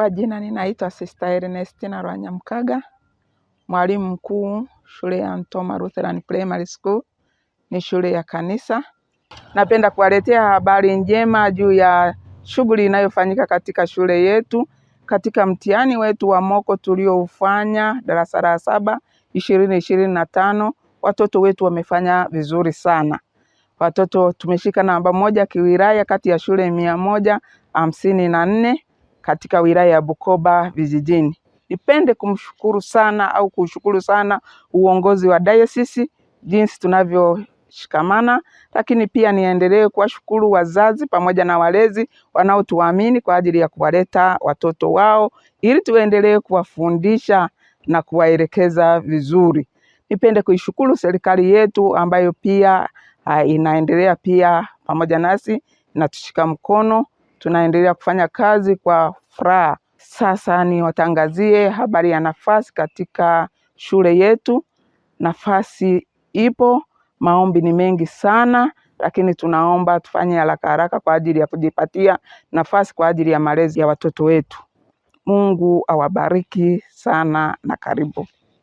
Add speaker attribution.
Speaker 1: Kwa jina ninaitwa Sister Ernestina Rwanyamkaga, mwalimu mkuu shule ya Ntoma Lutheran Primary School, ni shule ya kanisa. Napenda kuwaletea habari njema juu ya shughuli inayofanyika katika shule yetu katika mtihani wetu wa moko tulioufanya darasa la saba ishirini ishirini na tano. Watoto wetu wamefanya vizuri sana. Watoto tumeshika namba moja kiwilaya kati ya shule mia moja hamsini na nne katika wilaya ya Bukoba vijijini. Nipende kumshukuru sana au kushukuru sana uongozi wa dayosisi jinsi tunavyoshikamana, lakini pia niendelee kuwashukuru wazazi pamoja na walezi wanaotuamini kwa ajili ya kuwaleta watoto wao ili tuendelee kuwafundisha na kuwaelekeza vizuri. Nipende kuishukuru serikali yetu ambayo pia uh, inaendelea pia pamoja nasi inatushika mkono tunaendelea kufanya kazi kwa furaha. Sasa niwatangazie habari ya nafasi katika shule yetu. Nafasi ipo, maombi ni mengi sana, lakini tunaomba tufanye haraka haraka kwa ajili ya kujipatia nafasi kwa ajili ya malezi ya watoto wetu. Mungu awabariki sana na karibu.